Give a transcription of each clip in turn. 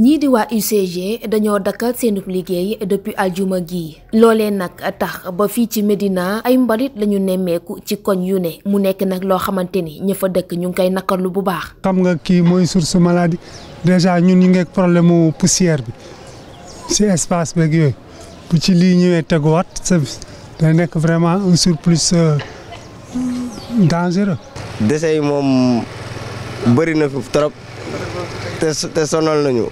ñii di waa UCG dañoo dakkal seenub liggéey depuis aljuma gi loolee nag tax ba fii ci medina ay mbalit lañu nemmeeku ci koñ yu ne mu nekk nag loo xamante ni ña dëkk ñu ngi koy nakkalu bu baax. xam nga kii mooy source maladie déjà ñun ñu ngi ak problème mu poussière bi ci espace beeg yooyu bu ci lii ñëwee teguwaat sa day nekk vraiment un surplus euh, dangereux. dese yi moom bëri na fi trop te sonal nañu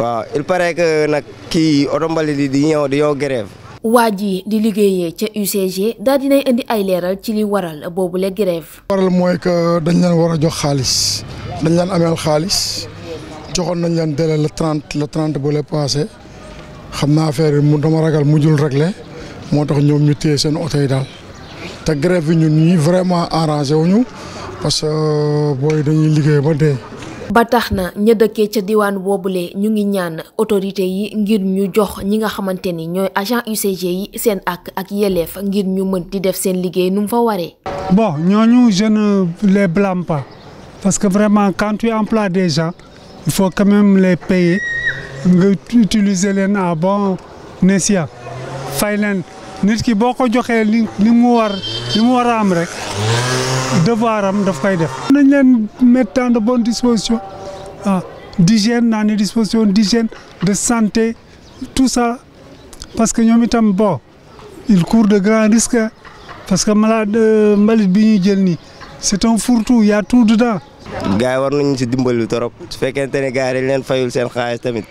waaw il paraît que nag kii oto mbalit yi di ñëw di yow grève waa ji di liggéeyee ca UCG daal dinay indi ay leeral ci li waral boobu la grève waral mooy que dañ leen war a jox xaalis dañ leen ameel xaalis joxoon nañ leen délai le 30 le 30 bu le passé xam naa affaire mu dama ragal mujjul réglé moo tax ñoom ñu téye seen oto yi daal te grève bi ñu ñii vraiment arrangé wuñu parce que euh, booy dañuy liggéey ba dee. ba tax na ña dëkkee ca boobu boobule ñu ngi ñaan autorité yi ngir ñu jox ñi nga xamante ni ñooy agent UCG yi seen ak ak yeleef ngir ñu mën di def seen liggéey nu mu fa waree. bon ñooñu je ne les blâme parce que vraiment quand tu emploies des gens il faut quand nga utiliser leen à bon escient fay leen nit ki boo ko joxee li li mu war li mu war a am rek devoir am daf koy def. nañ leen mettre en de bonnes dispositions ah d'hygiène naa ne disposition d'hygiène de santé tout ça parce que ñoom itam bon il court de grands risque parce que malade euh, mbalit bi ñuy jël ni c'est un fourre-tout y a tout dedans. gars yi war nañu si dimbali torop su fekkente ne gars yi dañ leen fayul seen xaalis tamit.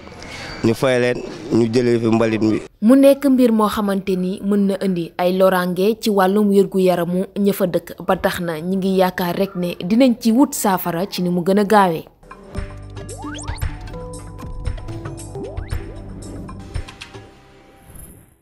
ñu fay leen ñu jële fi mbalit mi. mu nekk mbir moo xamante ni mën na indi ay loraange ci wàllum wérgu yaramu ña dëkk ba tax na ñu ngi yaakaar rekk ne dinañ ci wut saafara ci ni mu gën a gaawee.